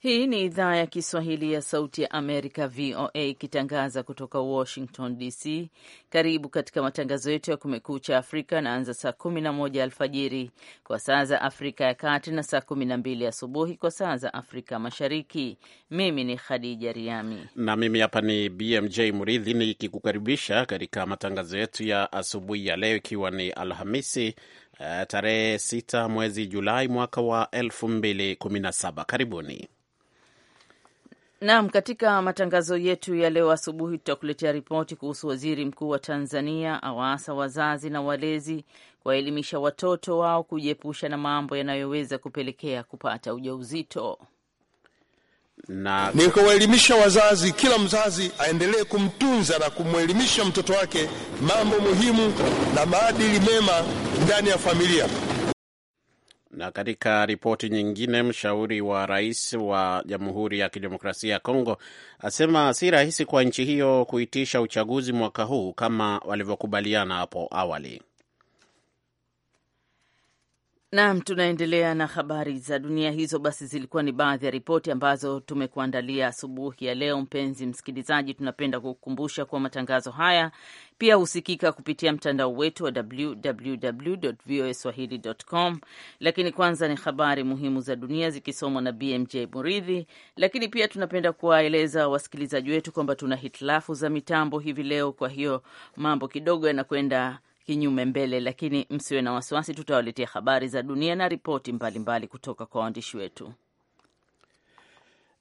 Hii ni idhaa ya Kiswahili ya Sauti ya Amerika, VOA, ikitangaza kutoka Washington DC. Karibu katika matangazo yetu ya Kumekucha Afrika anaanza saa 11 alfajiri kwa saa za Afrika ya Kati na saa 12 asubuhi kwa saa za Afrika Mashariki. Mimi ni Khadija Riami na mimi hapa ni BMJ Muridhi nikikukaribisha katika matangazo yetu ya asubuhi ya leo, ikiwa ni Alhamisi eh, tarehe 6 mwezi Julai mwaka wa 2017. Karibuni. Naam, katika matangazo yetu ya leo asubuhi tutakuletea ripoti kuhusu waziri mkuu wa Tanzania awaasa wazazi na walezi kuwaelimisha watoto wao kujiepusha na mambo yanayoweza kupelekea kupata ujauzito na... ni kuwaelimisha wazazi, kila mzazi aendelee kumtunza na kumwelimisha mtoto wake mambo muhimu na maadili mema ndani ya familia. Na katika ripoti nyingine, mshauri wa rais wa Jamhuri ya Kidemokrasia ya Kongo asema si rahisi kwa nchi hiyo kuitisha uchaguzi mwaka huu kama walivyokubaliana hapo awali. Naam, tunaendelea na habari za dunia. Hizo basi zilikuwa ni baadhi ya ripoti ambazo tumekuandalia asubuhi ya leo. Mpenzi msikilizaji, tunapenda kukukumbusha kuwa matangazo haya pia husikika kupitia mtandao wetu wa www voa swahilicom Lakini kwanza ni habari muhimu za dunia zikisomwa na BMJ Muridhi. Lakini pia tunapenda kuwaeleza wasikilizaji wetu kwamba tuna hitilafu za mitambo hivi leo, kwa hiyo mambo kidogo yanakwenda kinyume mbele, lakini msiwe na wasiwasi, tutawaletea habari za dunia na ripoti mbalimbali kutoka kwa waandishi wetu.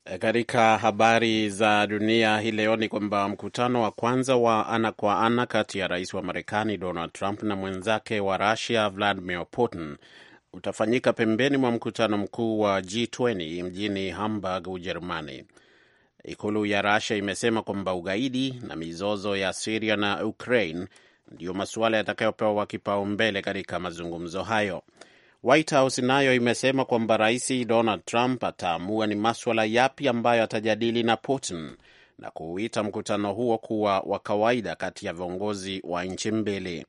E, katika habari za dunia hii leo ni kwamba mkutano wa kwanza wa ana kwa ana kati ya rais wa Marekani Donald Trump na mwenzake wa Rusia Vladimir Putin utafanyika pembeni mwa mkutano mkuu wa G20 mjini Hamburg, Ujerumani. Ikulu ya Rusia imesema kwamba ugaidi na mizozo ya Siria na Ukraine ndiyo masuala yatakayopewa kipaumbele katika mazungumzo hayo. White House nayo imesema kwamba Rais Donald Trump ataamua ni maswala yapi ambayo atajadili na Putin na kuuita mkutano huo kuwa wa kawaida kati ya viongozi wa nchi mbili.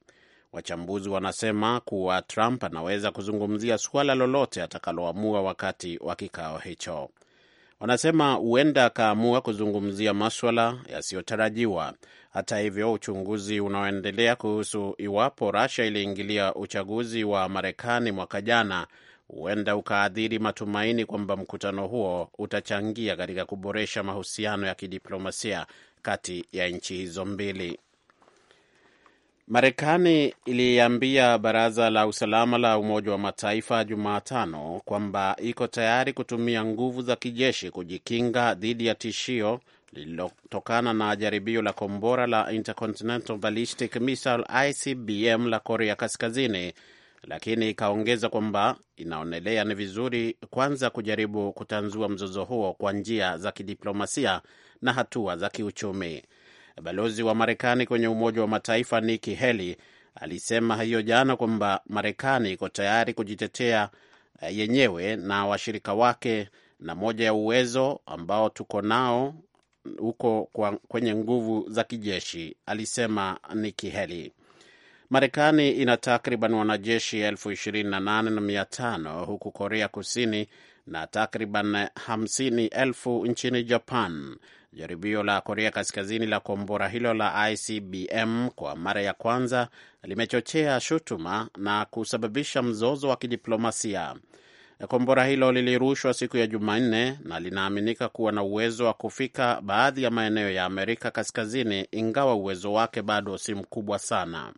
Wachambuzi wanasema kuwa Trump anaweza kuzungumzia suala lolote atakaloamua wakati wa kikao hicho. Wanasema huenda akaamua kuzungumzia maswala yasiyotarajiwa hata hivyo, uchunguzi unaoendelea kuhusu iwapo Russia iliingilia uchaguzi wa Marekani mwaka jana huenda ukaadhiri matumaini kwamba mkutano huo utachangia katika kuboresha mahusiano ya kidiplomasia kati ya nchi hizo mbili. Marekani iliambia baraza la usalama la Umoja wa Mataifa Jumatano kwamba iko tayari kutumia nguvu za kijeshi kujikinga dhidi ya tishio lililotokana na jaribio la kombora la Intercontinental Ballistic Missile ICBM la Korea Kaskazini, lakini ikaongeza kwamba inaonelea ni vizuri kwanza kujaribu kutanzua mzozo huo kwa njia za kidiplomasia na hatua za kiuchumi. Balozi wa Marekani kwenye Umoja wa Mataifa Nikki Haley alisema hiyo jana kwamba Marekani iko tayari kujitetea eh, yenyewe na washirika wake na moja ya uwezo ambao tuko nao huko kwenye nguvu za kijeshi, alisema Nikki Haley. Marekani ina takriban wanajeshi elfu ishirini na nane na mia tano huku Korea Kusini na takriban hamsini elfu nchini Japan. Jaribio la Korea Kaskazini la kombora hilo la ICBM kwa mara ya kwanza limechochea shutuma na kusababisha mzozo wa kidiplomasia. Kombora hilo lilirushwa siku ya Jumanne na linaaminika kuwa na uwezo wa kufika baadhi ya maeneo ya Amerika Kaskazini, ingawa uwezo wake bado si mkubwa sana.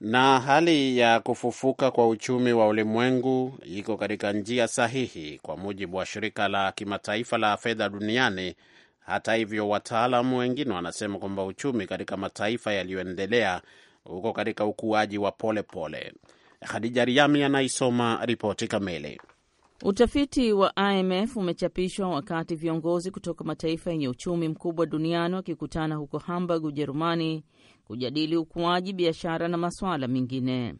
Na hali ya kufufuka kwa uchumi wa ulimwengu iko katika njia sahihi, kwa mujibu wa shirika la kimataifa la fedha duniani. Hata hivyo, wataalamu wengine wanasema kwamba uchumi katika mataifa yaliyoendelea uko katika ukuaji wa polepole pole. Khadija Riami anaisoma ripoti kamili. Utafiti wa IMF umechapishwa wakati viongozi kutoka mataifa yenye uchumi mkubwa duniani wakikutana huko Hamburg, Ujerumani, kujadili ukuaji, biashara na masuala mengine.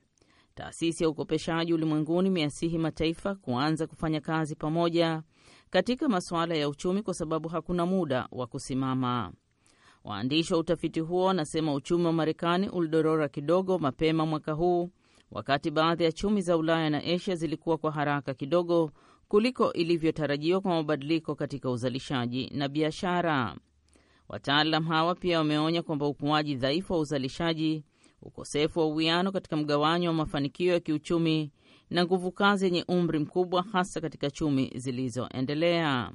Taasisi ya ukopeshaji ulimwenguni imeasihi mataifa kuanza kufanya kazi pamoja katika masuala ya uchumi kwa sababu hakuna muda wa kusimama. Waandishi wa utafiti huo wanasema uchumi wa Marekani ulidorora kidogo mapema mwaka huu wakati baadhi ya chumi za Ulaya na Asia zilikuwa kwa haraka kidogo kuliko ilivyotarajiwa kwa mabadiliko katika uzalishaji na biashara. Wataalam hawa pia wameonya kwamba ukuaji dhaifu wa uzalishaji, ukosefu wa uwiano katika mgawanyo wa mafanikio ya kiuchumi na nguvu kazi yenye umri mkubwa, hasa katika chumi zilizoendelea.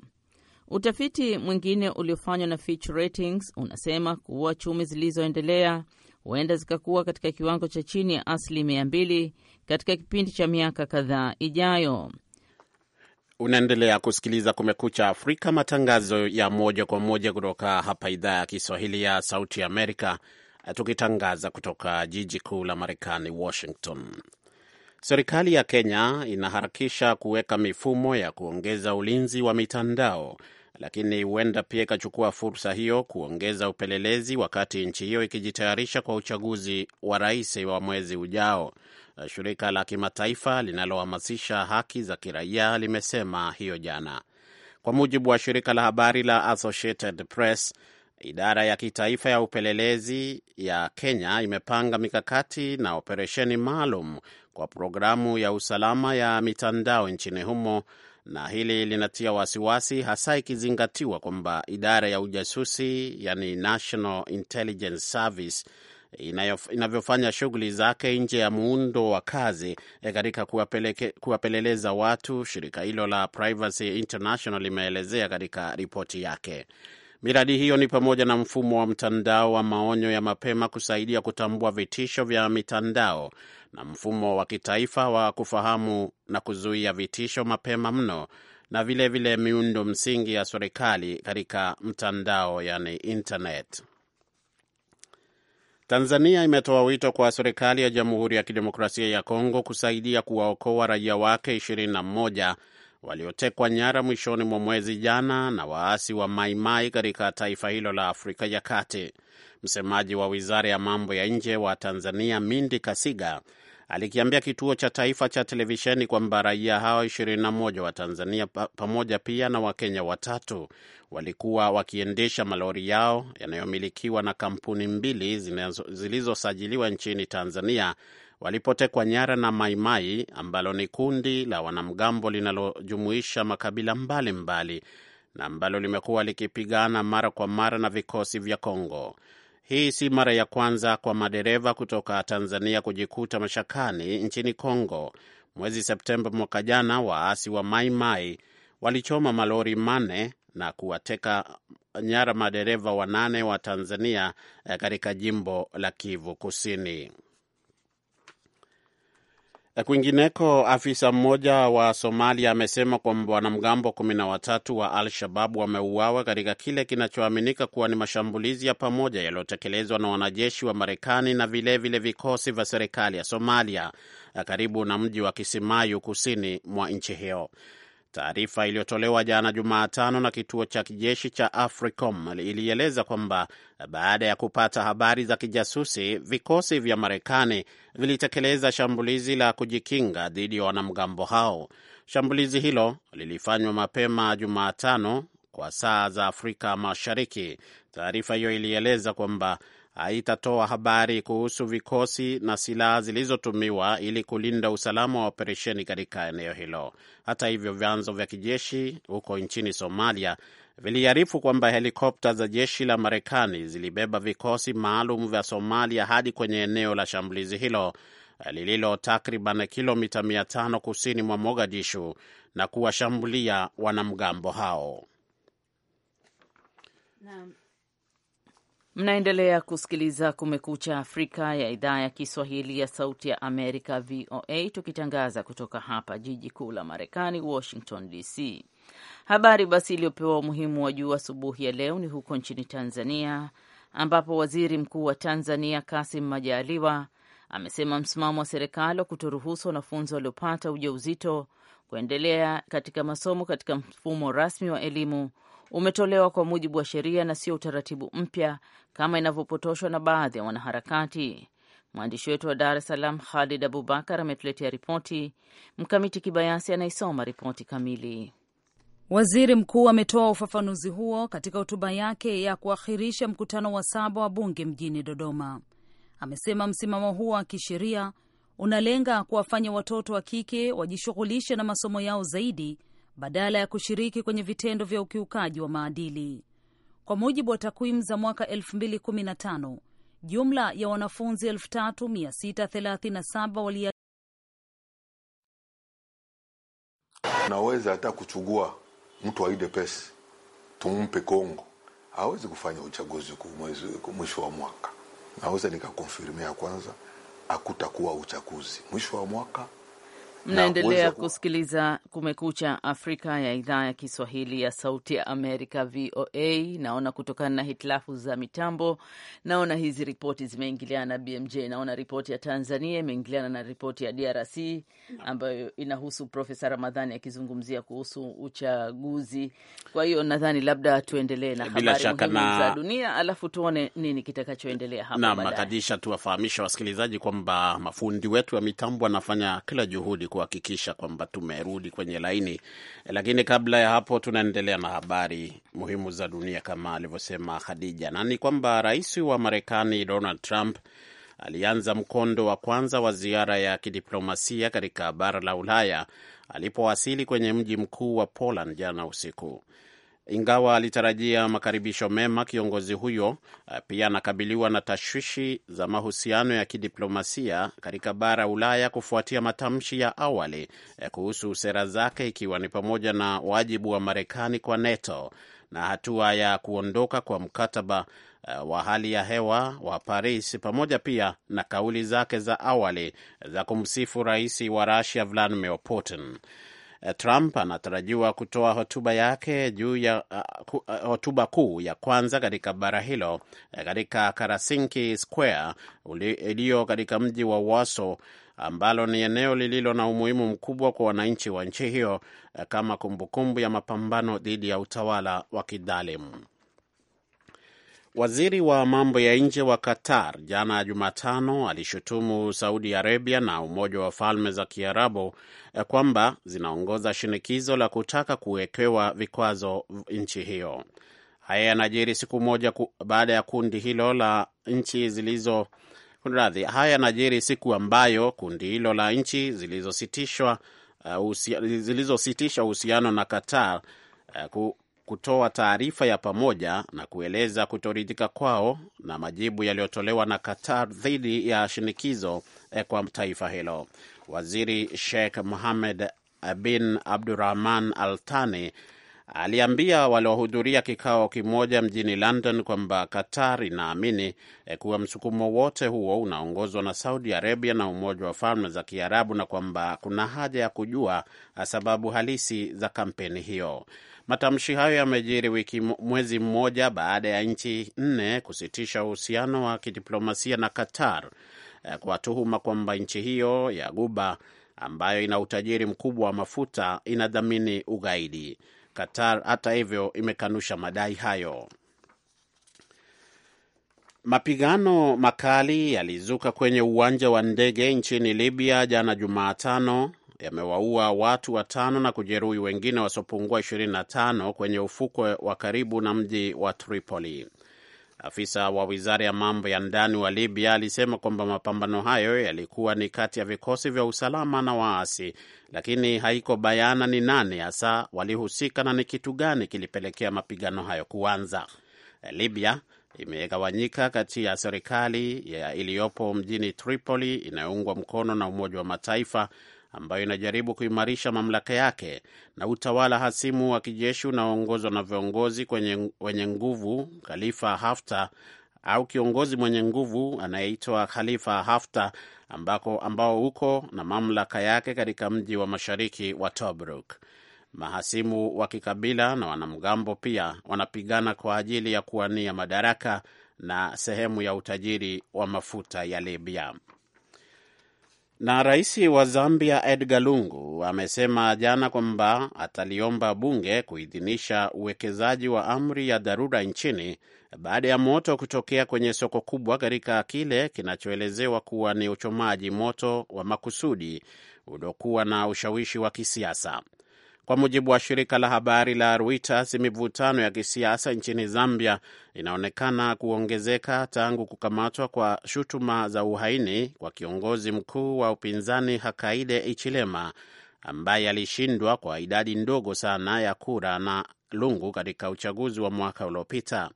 Utafiti mwingine uliofanywa na Fitch Ratings unasema kuwa chumi zilizoendelea huenda zikakuwa katika kiwango cha chini ya asilimia mbili katika kipindi cha miaka kadhaa ijayo. Unaendelea kusikiliza Kumekucha Afrika, matangazo ya moja kwa moja kutoka hapa idhaa ya Kiswahili ya Sauti Amerika, tukitangaza kutoka jiji kuu la Marekani, Washington. Serikali ya Kenya inaharakisha kuweka mifumo ya kuongeza ulinzi wa mitandao lakini huenda pia ikachukua fursa hiyo kuongeza upelelezi wakati nchi hiyo ikijitayarisha kwa uchaguzi wa rais wa mwezi ujao. Shirika la kimataifa linalohamasisha haki za kiraia limesema hiyo jana, kwa mujibu wa shirika la habari la Associated Press. Idara ya kitaifa ya upelelezi ya Kenya imepanga mikakati na operesheni maalum kwa programu ya usalama ya mitandao nchini humo na hili linatia wasiwasi, hasa ikizingatiwa kwamba idara ya ujasusi, yani National Intelligence Service inavyofanya shughuli zake nje ya muundo wa kazi eh, katika kuwapeleleza watu. Shirika hilo la Privacy International limeelezea katika ripoti yake. Miradi hiyo ni pamoja na mfumo wa mtandao wa maonyo ya mapema kusaidia kutambua vitisho vya mitandao na mfumo wa kitaifa wa kufahamu na kuzuia vitisho mapema mno na vilevile vile miundo msingi ya serikali katika mtandao yani internet. Tanzania imetoa wito kwa serikali ya Jamhuri ya Kidemokrasia ya Kongo kusaidia kuwaokoa raia wake ishirini na moja waliotekwa nyara mwishoni mwa mwezi jana na waasi wa Maimai katika taifa hilo la Afrika ya Kati. Msemaji wa wizara ya mambo ya nje wa Tanzania, Mindi Kasiga, alikiambia kituo cha taifa cha televisheni kwamba raia hao 21 wa Tanzania pamoja pia na Wakenya watatu walikuwa wakiendesha malori yao yanayomilikiwa na kampuni mbili zilizosajiliwa nchini Tanzania walipotekwa nyara na Maimai ambalo ni kundi la wanamgambo linalojumuisha makabila mbalimbali mbali, na ambalo limekuwa likipigana mara kwa mara na vikosi vya Kongo. Hii si mara ya kwanza kwa madereva kutoka Tanzania kujikuta mashakani nchini Kongo. Mwezi Septemba mwaka jana, waasi wa Maimai mai walichoma malori manne na kuwateka nyara madereva wanane wa Tanzania eh, katika jimbo la Kivu Kusini. Kwingineko, afisa mmoja wa Somalia amesema kwamba wanamgambo kumi na watatu wa Al Shababu wameuawa katika kile kinachoaminika kuwa ni mashambulizi ya pamoja yaliyotekelezwa na wanajeshi wa Marekani na vilevile vile vikosi vya serikali ya Somalia karibu na mji wa Kisimayu kusini mwa nchi hiyo. Taarifa iliyotolewa jana Jumatano na kituo cha kijeshi cha AFRICOM ilieleza kwamba baada ya kupata habari za kijasusi, vikosi vya Marekani vilitekeleza shambulizi la kujikinga dhidi ya wanamgambo hao. Shambulizi hilo lilifanywa mapema Jumatano kwa saa za Afrika Mashariki. Taarifa hiyo ilieleza kwamba haitatoa habari kuhusu vikosi na silaha zilizotumiwa ili kulinda usalama wa operesheni katika eneo hilo. Hata hivyo, vyanzo vya kijeshi huko nchini Somalia viliarifu kwamba helikopta za jeshi la Marekani zilibeba vikosi maalum vya Somalia hadi kwenye eneo la shambulizi hilo lililo takriban kilomita 500 kusini mwa Mogadishu na kuwashambulia wanamgambo hao na Mnaendelea kusikiliza Kumekucha Afrika ya idhaa ya Kiswahili ya Sauti ya Amerika, VOA, tukitangaza kutoka hapa jiji kuu la Marekani, Washington DC. Habari basi iliyopewa umuhimu wa juu asubuhi ya leo ni huko nchini Tanzania, ambapo waziri mkuu wa Tanzania Kasim Majaliwa amesema msimamo wa serikali wa kutoruhusu wanafunzi waliopata ujauzito kuendelea katika masomo katika mfumo rasmi wa elimu umetolewa kwa mujibu wa sheria na sio utaratibu mpya kama inavyopotoshwa na baadhi ya wanaharakati. Mwandishi wetu wa Dar es Salaam Khalid Abubakar ametuletea ripoti. Mkamiti Kibayasi anaisoma ripoti kamili. Waziri mkuu ametoa ufafanuzi huo katika hotuba yake ya kuahirisha mkutano wa saba wa bunge mjini Dodoma. Amesema msimamo huo wa kisheria unalenga kuwafanya watoto wa kike wajishughulishe na masomo yao zaidi badala ya kushiriki kwenye vitendo vya ukiukaji wa maadili. Kwa mujibu wa takwimu za mwaka 2015 jumla ya wanafunzi 3637 wali naweza hata kuchugua mtu aide pesi tumpe Kongo, hawezi kufanya uchaguzi mwisho wa mwaka. Naweza nikakonfirmia kwanza, akutakuwa uchaguzi mwisho wa mwaka. Mnaendelea kusikiliza Kumekucha Afrika ya idhaa ya Kiswahili ya Sauti ya Amerika, VOA. Naona kutokana na hitilafu za mitambo, naona hizi ripoti zimeingiliana na BMJ. Naona ripoti ya Tanzania imeingiliana na ripoti ya DRC ambayo inahusu Profesa Ramadhani akizungumzia kuhusu uchaguzi. Kwa hiyo nadhani labda tuendelee na habari muhimu na... za dunia, alafu tuone nini kitakachoendelea hapa baadaye. Kadisha tuwafahamisha wasikilizaji kwamba mafundi wetu wa mitambo wanafanya kila juhudi kuhakikisha kwamba tumerudi kwenye laini. Lakini kabla ya hapo, tunaendelea na habari muhimu za dunia kama alivyosema Khadija, na ni kwamba rais wa Marekani Donald Trump alianza mkondo wa kwanza wa ziara ya kidiplomasia katika bara la Ulaya alipowasili kwenye mji mkuu wa Poland jana usiku. Ingawa alitarajia makaribisho mema, kiongozi huyo eh, pia anakabiliwa na tashwishi za mahusiano ya kidiplomasia katika bara Ulaya kufuatia matamshi ya awali eh, kuhusu sera zake, ikiwa ni pamoja na wajibu wa Marekani kwa NATO na hatua ya kuondoka kwa mkataba eh, wa hali ya hewa wa Paris, pamoja pia na kauli zake za awali za kumsifu rais wa Russia Vladimir Putin. Eh, Trump anatarajiwa kutoa hotuba yake juu ya uh, hotuba kuu ya kwanza katika bara hilo katika Karasinki Square iliyo katika mji wa Waso ambalo ni eneo lililo na umuhimu mkubwa kwa wananchi wa nchi hiyo kama kumbukumbu ya mapambano dhidi ya utawala wa kidhalimu. Waziri wa mambo ya nje wa Qatar jana Jumatano alishutumu Saudi Arabia na Umoja wa Falme za Kiarabu eh, kwamba zinaongoza shinikizo la kutaka kuwekewa vikwazo nchi hiyo. Haya yanajiri siku moja baada ya kundi hilo la nchi zilizo radhi. Haya yanajiri siku ambayo kundi hilo la nchi eh, zilizositisha uhusiano na Qatar eh, kutoa taarifa ya pamoja na kueleza kutoridhika kwao na majibu yaliyotolewa na Qatar dhidi ya shinikizo eh, kwa taifa hilo. Waziri Sheikh muhamed bin Abdurahman Al Thani aliambia waliohudhuria kikao kimoja mjini London kwamba Qatar inaamini eh, kuwa msukumo wote huo unaongozwa na Saudi Arabia na Umoja wa Falme za Kiarabu na kwamba kuna haja ya kujua eh, sababu halisi za kampeni hiyo. Matamshi hayo yamejiri wiki mwezi mmoja baada ya nchi nne kusitisha uhusiano wa kidiplomasia na Qatar eh, kwa tuhuma kwamba nchi hiyo ya Guba ambayo ina utajiri mkubwa wa mafuta inadhamini ugaidi. Qatar hata hivyo imekanusha madai hayo. Mapigano makali yalizuka kwenye uwanja wa ndege nchini Libya jana Jumatano yamewaua watu watano na kujeruhi wengine wasiopungua 25 kwenye ufukwe wa karibu na mji wa Tripoli. Afisa wa wizara ya mambo ya ndani wa Libya alisema kwamba mapambano hayo yalikuwa ni kati ya vikosi vya usalama na waasi, lakini haiko bayana ni nani hasa walihusika na ni kitu gani kilipelekea mapigano hayo kuanza. Libya imegawanyika kati ya serikali iliyopo mjini Tripoli inayoungwa mkono na Umoja wa Mataifa ambayo inajaribu kuimarisha mamlaka yake na utawala hasimu wa kijeshi unaoongozwa na viongozi wenye nguvu Khalifa Haftar au kiongozi mwenye nguvu anayeitwa Khalifa Haftar ambako ambao uko na mamlaka yake katika mji wa mashariki wa Tobruk. Mahasimu wa kikabila na wanamgambo pia wanapigana kwa ajili ya kuwania madaraka na sehemu ya utajiri wa mafuta ya Libya. Na rais wa Zambia Edgar Lungu amesema jana kwamba ataliomba bunge kuidhinisha uwekezaji wa amri ya dharura nchini baada ya moto kutokea kwenye soko kubwa katika kile kinachoelezewa kuwa ni uchomaji moto wa makusudi uliokuwa na ushawishi wa kisiasa. Kwa mujibu wa shirika la habari la Reuters, mivutano ya kisiasa nchini Zambia inaonekana kuongezeka tangu kukamatwa kwa shutuma za uhaini kwa kiongozi mkuu wa upinzani Hakainde Hichilema ambaye alishindwa kwa idadi ndogo sana ya kura na Lungu katika uchaguzi wa mwaka uliopita.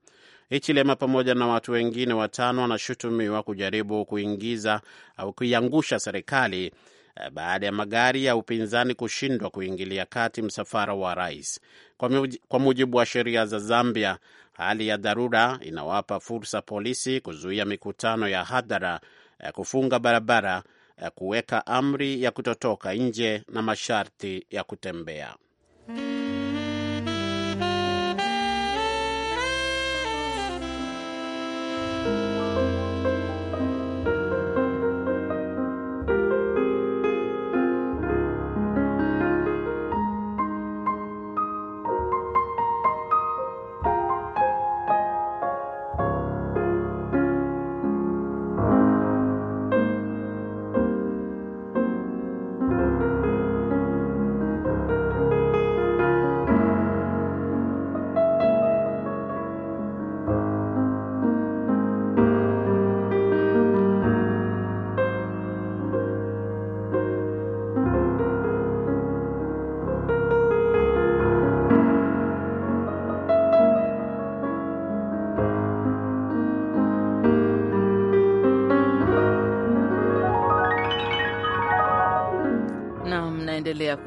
Hichilema pamoja na watu wengine watano wanashutumiwa kujaribu kuingiza au kuiangusha serikali baada ya magari ya upinzani kushindwa kuingilia kati msafara wa rais. Kwa mujibu wa sheria za Zambia, hali ya dharura inawapa fursa polisi kuzuia mikutano ya hadhara, eh, kufunga barabara, eh, kuweka amri ya kutotoka nje na masharti ya kutembea.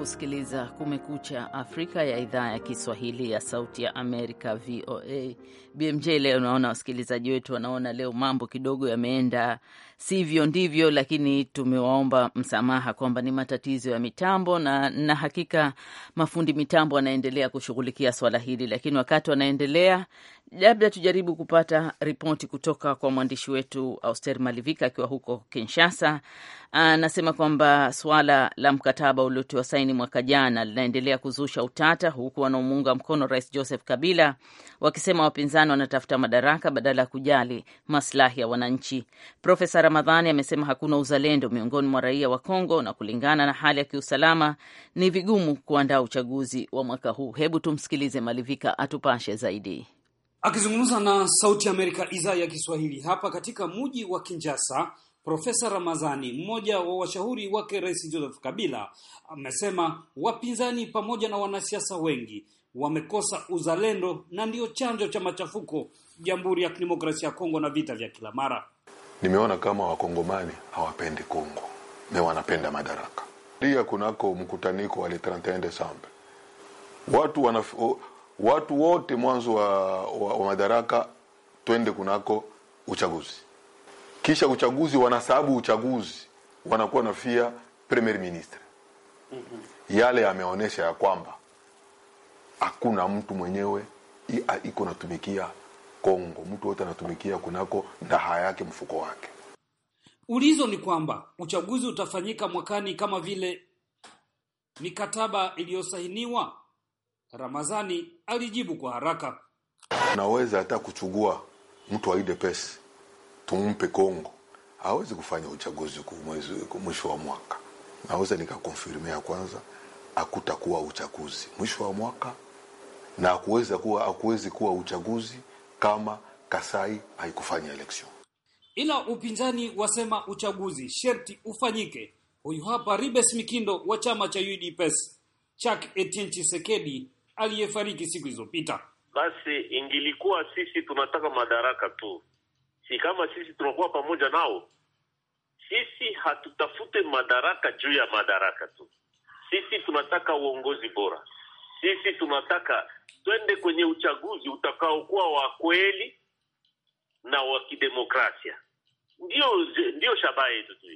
kusikiliza Kumekucha Afrika ya idhaa ya Kiswahili ya Sauti ya Amerika, VOA. BMJ, leo naona wasikilizaji wetu wanaona leo mambo kidogo yameenda sivyo ndivyo, lakini tumewaomba msamaha kwamba ni matatizo ya mitambo, na na hakika mafundi mitambo wanaendelea kushughulikia swala hili, lakini wakati wanaendelea, labda tujaribu kupata ripoti kutoka kwa mwandishi wetu Auster Malivika akiwa huko Kinshasa. Anasema kwamba suala la mkataba uliotiwa saini mwaka jana linaendelea kuzusha utata, huku wanaomuunga mkono Rais Joseph Kabila wakisema wapinzani wanatafuta madaraka badala ya kujali maslahi ya wananchi. Profesa Ramadhani amesema hakuna uzalendo miongoni mwa raia wa Kongo na kulingana na hali ya kiusalama ni vigumu kuandaa uchaguzi wa mwaka huu. Hebu tumsikilize Malivika atupashe zaidi. Akizungumza na Sauti ya Amerika idhaa ya Kiswahili hapa katika mji wa Kinshasa, Profesa Ramazani, mmoja wa washauri wake Rais Joseph Kabila, amesema wapinzani pamoja na wanasiasa wengi wamekosa uzalendo na ndiyo chanzo cha machafuko Jamhuri ya Kidemokrasia ya Kongo na vita vya kila mara. Nimeona kama wakongomani hawapendi Kongo ne wanapenda madaraka. Dia kunako mkutaniko wa 31 Desemba watu wanaf watu wote mwanzo wa, wa, wa madaraka twende kunako uchaguzi, kisha uchaguzi wanasababu uchaguzi wanakuwa nafia premier ministre. Mhm. Yale yameonyesha ya kwamba hakuna mtu mwenyewe iko natumikia Kongo, mtu wote anatumikia kunako ndaha yake mfuko wake. Ulizo ni kwamba uchaguzi utafanyika mwakani kama vile mikataba iliyosainiwa Ramazani alijibu kwa haraka, naweza hata kuchugua mtu wa pesa tumpe Kongo, hawezi kufanya uchaguzi mwisho wa mwaka. Naweza nikakonfirmia kwanza, akutakuwa uchaguzi mwisho wa mwaka na hakuweza kuwa akuwezi kuwa uchaguzi kama Kasai haikufanya election. Ila upinzani wasema uchaguzi sherti ufanyike. Huyu hapa Ribes Mikindo wa chama cha UDPS, e Chak Etienne Chisekedi aliyefariki siku zilizopita. Basi ingilikuwa sisi tunataka madaraka tu, si kama sisi tunakuwa pamoja nao. Sisi hatutafute madaraka juu ya madaraka tu, sisi tunataka uongozi bora. Sisi tunataka twende kwenye uchaguzi utakaokuwa wa kweli na wa kidemokrasia. Ndio, ndio shabaha yetu tu.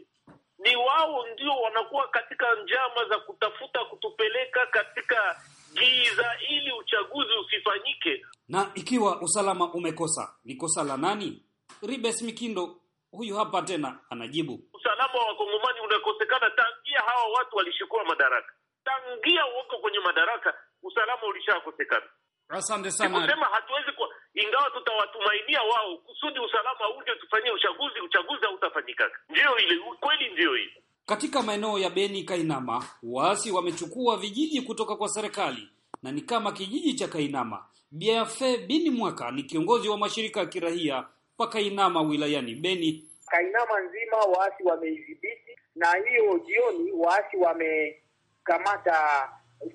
Ni wao ndio wanakuwa katika njama za kutafuta kutupeleka katika giza ili uchaguzi usifanyike. Na ikiwa usalama umekosa, ni kosa la nani? Ribes Mikindo huyu hapa tena anajibu, usalama wa wakongomani unakosekana tangia hawa watu walishukua madaraka, tangia wako kwenye madaraka, usalama ulishakosekana. Asante sana. Nikusema hatuwezi kwa, ingawa tutawatumainia wao kusudi usalama uje tufanyie uchaguzi, uchaguzi hautafanyika Ndio ile kweli, ndio ile katika maeneo ya Beni Kainama, waasi wamechukua vijiji kutoka kwa serikali na ni kama kijiji cha Kainama. Biafe Bini Mwaka ni kiongozi wa mashirika ya kirahia pa Kainama wilayani Beni. Kainama nzima waasi wameidhibiti, na hiyo jioni waasi wamekamata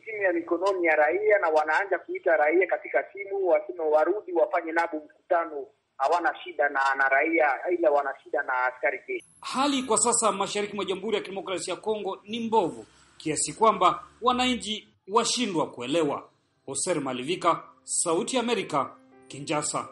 simu ya mikononi ya raia na wanaanza kuita raia katika simu, wasema warudi wafanye nabo mkutano hawana shida na, na raia ila wana shida na askari jeshi. Hali kwa sasa mashariki mwa Jamhuri ya Kidemokrasia ya Kongo ni mbovu kiasi kwamba wananchi washindwa kuelewa. Hoser Malivika, Sauti ya Amerika, Kinshasa.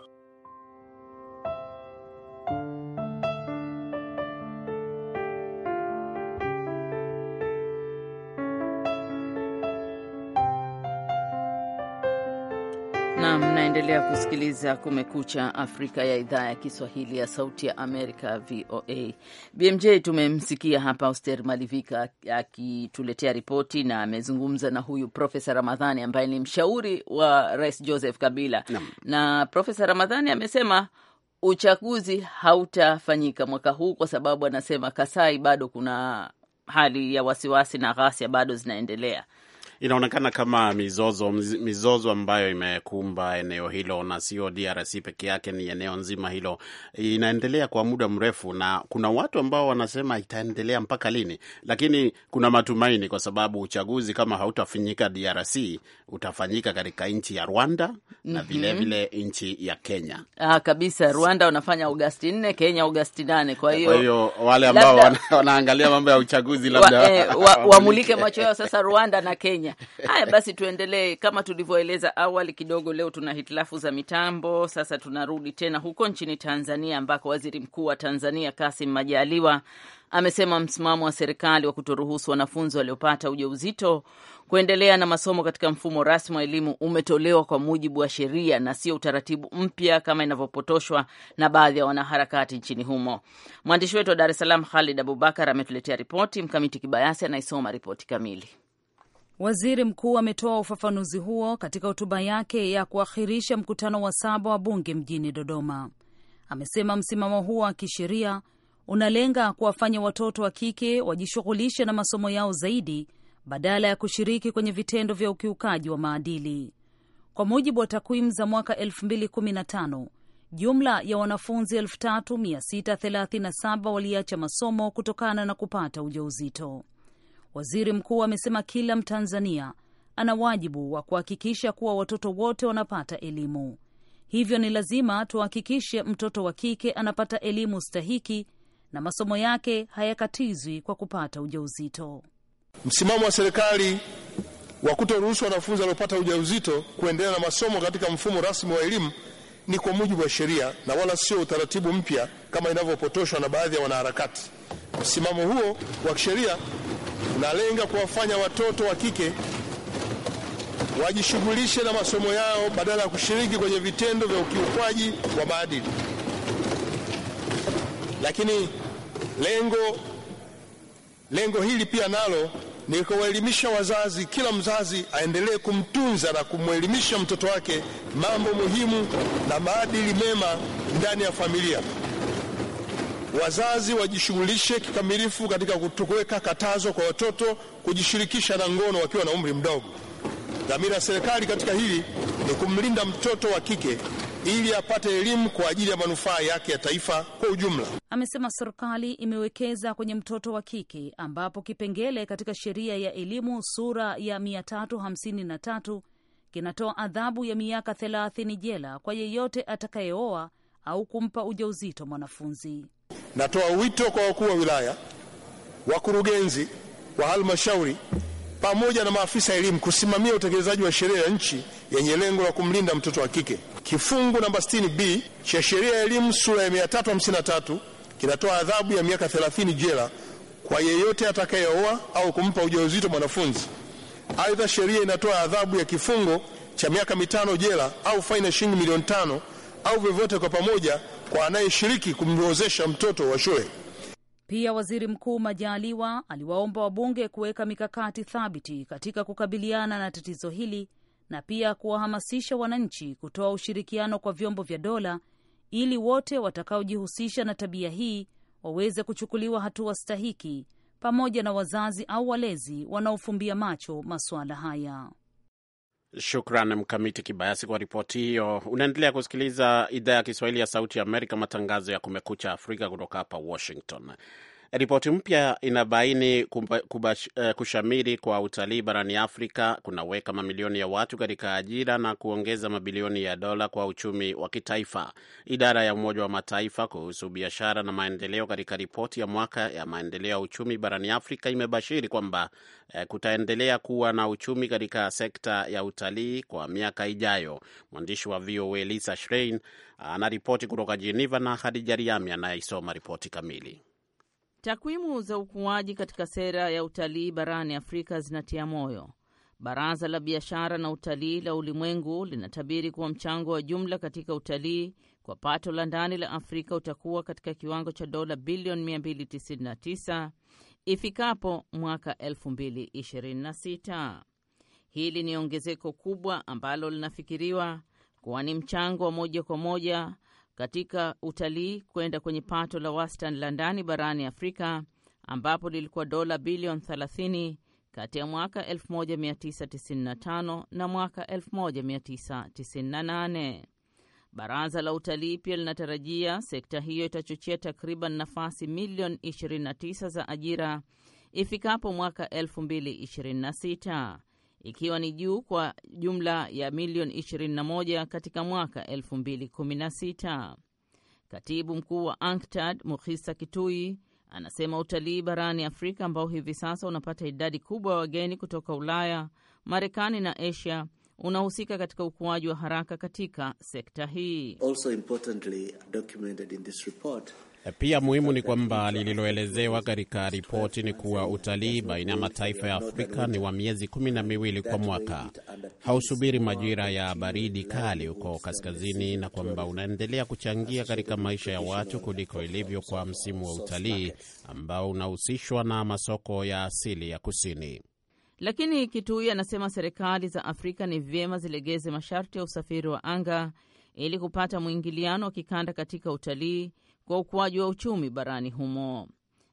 Unaendelea kusikiliza Kumekucha Afrika ya idhaa ya Kiswahili ya Sauti ya Amerika, VOA. BMJ, tumemsikia hapa Auster Malivika akituletea ripoti na amezungumza na huyu Profesa Ramadhani ambaye ni mshauri wa Rais Joseph Kabila na, na Profesa Ramadhani amesema uchaguzi hautafanyika mwaka huu kwa sababu anasema Kasai bado kuna hali ya wasiwasi na ghasia bado zinaendelea inaonekana kama mizozo mizozo ambayo imekumba eneo hilo na sio DRC peke yake, ni eneo nzima hilo, inaendelea kwa muda mrefu, na kuna watu ambao wanasema itaendelea mpaka lini, lakini kuna matumaini kwa sababu uchaguzi kama hautafanyika DRC utafanyika katika nchi ya Rwanda mm -hmm. na vilevile mhm. nchi ya Kenya. Ah, kabisa. Rwanda wanafanya Agosti nne, Kenya Agosti nane. Kwa hiyo wale ambao labda... wanaangalia mambo ya uchaguzi labda wa, eh, wa, wamulike macho yao sasa Rwanda na Kenya Kenya. Haya basi, tuendelee kama tulivyoeleza awali kidogo. Leo tuna hitilafu za mitambo, sasa tunarudi tena huko nchini Tanzania ambako waziri mkuu wa Tanzania Kassim Majaliwa amesema msimamo wa serikali wa kutoruhusu wanafunzi waliopata ujauzito kuendelea na masomo katika mfumo rasmi wa elimu umetolewa kwa mujibu wa sheria na sio utaratibu mpya kama inavyopotoshwa na baadhi ya wanaharakati nchini humo. Mwandishi wetu wa Dar es Salaam Khalid Abubakar ametuletea ripoti. Mkamiti Kibayasi anaisoma ripoti kamili. Waziri mkuu ametoa ufafanuzi huo katika hotuba yake ya kuakhirisha mkutano wa saba wa bunge mjini Dodoma. Amesema msimamo huo wa kisheria unalenga kuwafanya watoto wa kike wajishughulishe na masomo yao zaidi badala ya kushiriki kwenye vitendo vya ukiukaji wa maadili. Kwa mujibu wa takwimu za mwaka 2015 jumla ya wanafunzi 3637 waliacha masomo kutokana na kupata ujauzito. Waziri mkuu amesema kila Mtanzania ana wajibu wa kuhakikisha kuwa watoto wote wanapata elimu, hivyo ni lazima tuhakikishe mtoto wa kike anapata elimu stahiki na masomo yake hayakatizwi kwa kupata ujauzito. Msimamo wa serikali wa kutoruhusu wanafunzi waliopata ujauzito kuendelea na masomo katika mfumo rasmi wa elimu ni kwa mujibu wa sheria na wala sio utaratibu mpya kama inavyopotoshwa na baadhi ya wanaharakati. Msimamo huo wa kisheria unalenga kuwafanya watoto wa kike wajishughulishe na masomo yao badala ya kushiriki kwenye vitendo vya ukiukwaji wa maadili. Lakini lengo, lengo hili pia nalo ni kuwaelimisha wazazi. Kila mzazi aendelee kumtunza na kumwelimisha mtoto wake mambo muhimu na maadili mema ndani ya familia. Wazazi wajishughulishe kikamilifu katika kutokuweka katazo kwa watoto kujishirikisha na ngono wakiwa na umri mdogo. Dhamira ya serikali katika hili ni kumlinda mtoto wa kike ili apate elimu kwa ajili ya manufaa yake ya taifa kwa ujumla. Amesema serikali imewekeza kwenye mtoto wa kike ambapo kipengele katika sheria ya elimu sura ya 353 kinatoa adhabu ya miaka 30 jela kwa yeyote atakayeoa au kumpa ujauzito mwanafunzi. Natoa wito kwa wakuu wa wilaya, wakurugenzi wa halmashauri pamoja na maafisa elimu kusimamia utekelezaji wa sheria ya nchi yenye lengo la kumlinda mtoto wa kike. Kifungu namba 60B cha sheria ya elimu sura ya 353 kinatoa adhabu ya miaka 30 jela kwa yeyote atakayeoa au kumpa ujauzito mwanafunzi. Aidha, sheria inatoa adhabu ya kifungo cha miaka mitano jela au faini ya shilingi milioni tano au vyovyote kwa pamoja kwa anayeshiriki kumwozesha mtoto wa shule. Pia Waziri Mkuu Majaliwa aliwaomba wabunge kuweka mikakati thabiti katika kukabiliana na tatizo hili na pia kuwahamasisha wananchi kutoa ushirikiano kwa vyombo vya dola ili wote watakaojihusisha na tabia hii waweze kuchukuliwa hatua stahiki pamoja na wazazi au walezi wanaofumbia macho masuala haya. Shukran Mkamiti Kibayasi kwa ripoti hiyo. Unaendelea kusikiliza idhaa ya Kiswahili ya Sauti ya Amerika, matangazo ya Kumekucha Afrika kutoka hapa Washington. Ripoti mpya inabaini kubash, eh, kushamiri kwa utalii barani Afrika kunaweka mamilioni ya watu katika ajira na kuongeza mabilioni ya dola kwa uchumi wa kitaifa. Idara ya Umoja wa Mataifa kuhusu biashara na maendeleo katika ripoti ya mwaka ya maendeleo ya uchumi barani Afrika imebashiri kwamba eh, kutaendelea kuwa na uchumi katika sekta ya utalii kwa miaka ijayo. Mwandishi wa VOA Lisa Schrein anaripoti kutoka Geneva na Hadija Riami anayeisoma ripoti kamili. Takwimu za ukuaji katika sera ya utalii barani Afrika zinatia moyo. Baraza la biashara na utalii la ulimwengu linatabiri kuwa mchango wa jumla katika utalii kwa pato la ndani la Afrika utakuwa katika kiwango cha dola bilioni 299 ifikapo mwaka 2026. Hili ni ongezeko kubwa ambalo linafikiriwa kuwa ni mchango wa moja kwa moja katika utalii kwenda kwenye pato la wastani la ndani barani Afrika ambapo lilikuwa dola bilioni 30 kati ya mwaka 1995 na mwaka 1998. Baraza la utalii pia linatarajia sekta hiyo itachochea takriban nafasi milioni 29 za ajira ifikapo mwaka ikiwa ni juu kwa jumla ya milioni 21 katika mwaka 2016. Katibu mkuu wa UNCTAD Mukhisa Kitui anasema utalii barani Afrika ambao hivi sasa unapata idadi kubwa ya wageni kutoka Ulaya, Marekani na Asia unahusika katika ukuaji wa haraka katika sekta hii. Also importantly documented in this report pia muhimu ni kwamba lililoelezewa katika ripoti ni kuwa utalii baina ya mataifa ya Afrika ni wa miezi kumi na miwili kwa mwaka, hausubiri majira ya baridi kali huko kaskazini, na kwamba unaendelea kuchangia katika maisha ya watu kuliko ilivyo kwa msimu wa utalii ambao unahusishwa na masoko ya asili ya kusini. Lakini Kitui anasema serikali za Afrika ni vyema zilegeze masharti ya usafiri wa anga ili kupata mwingiliano wa kikanda katika utalii kwa ukuaji wa uchumi barani humo.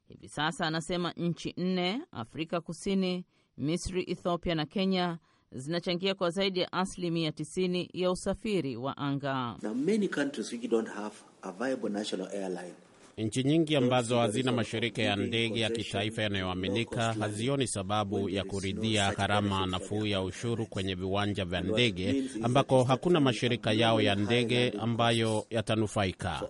Hivi sasa anasema nchi nne, Afrika Kusini, Misri, Ethiopia na Kenya zinachangia kwa zaidi ya asilimia 90 ya usafiri wa anga. Now many countries we don't have a viable national airline. Nchi nyingi ambazo hazina mashirika ya ndege ya kitaifa yanayoaminika hazioni sababu ya kuridhia gharama nafuu ya ushuru kwenye viwanja vya ndege ambako hakuna mashirika yao ya ndege ambayo yatanufaika.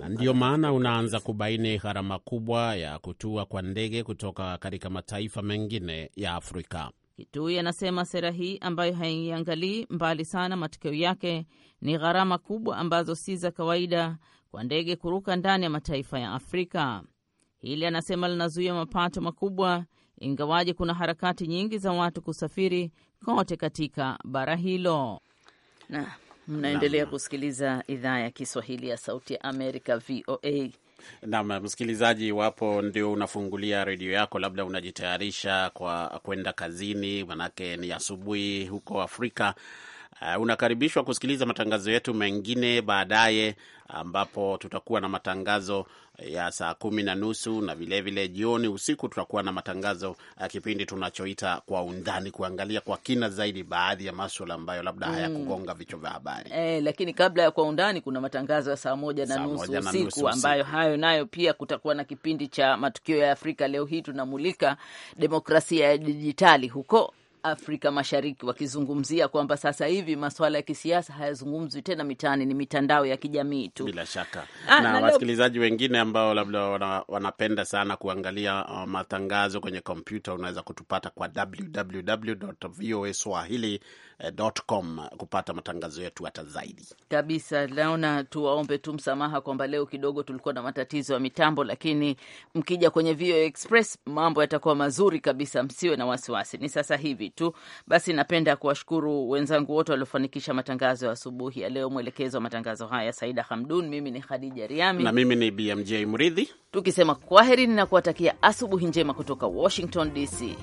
Na ndiyo maana unaanza kubaini gharama kubwa ya kutua kwa ndege kutoka katika mataifa mengine ya Afrika. Kitui anasema sera hii ambayo haiangalii mbali sana, matokeo yake ni gharama kubwa ambazo si za kawaida kwa ndege kuruka ndani ya mataifa ya Afrika. Hili anasema linazuia mapato makubwa, ingawaje kuna harakati nyingi za watu kusafiri kote katika bara hilo. Na mnaendelea kusikiliza idhaa ya Kiswahili ya Sauti ya Amerika, VOA. nam msikilizaji, iwapo ndio unafungulia redio yako, labda unajitayarisha kwa kwenda kazini, manake ni asubuhi huko Afrika Uh, unakaribishwa kusikiliza matangazo yetu mengine baadaye, ambapo tutakuwa na matangazo ya saa kumi na nusu na vilevile jioni, usiku tutakuwa na matangazo ya uh, kipindi tunachoita Kwa Undani, kuangalia kwa kina zaidi baadhi ya maswala ambayo labda mm, hayakugonga vichwa vya habari eh, lakini kabla ya Kwa Undani kuna matangazo ya saa moja na nusu usiku ambayo hayo nayo pia kutakuwa na kipindi cha matukio ya Afrika. Leo hii tunamulika demokrasia ya dijitali huko Afrika Mashariki wakizungumzia kwamba sasa hivi masuala ya kisiasa hayazungumzwi tena mitaani, ni mitandao ya kijamii tu. Bila shaka ah, na, na wasikilizaji wengine ambao labda wana, wanapenda sana kuangalia uh, matangazo kwenye kompyuta, unaweza kutupata kwa swahili com kupata matangazo yetu hata zaidi kabisa. Naona tuwaombe tu msamaha kwamba leo kidogo tulikuwa na matatizo ya mitambo, lakini mkija kwenye VOA Express mambo yatakuwa mazuri kabisa, msiwe na wasiwasi, ni sasa hivi tu. Basi napenda kuwashukuru wenzangu wote waliofanikisha matangazo ya asubuhi ya leo. Mwelekezo wa matangazo haya Saida Hamdun, mimi ni Khadija Riami na mimi ni BMJ Mridhi, tukisema kwaherini na kuwatakia asubuhi njema kutoka Washington DC.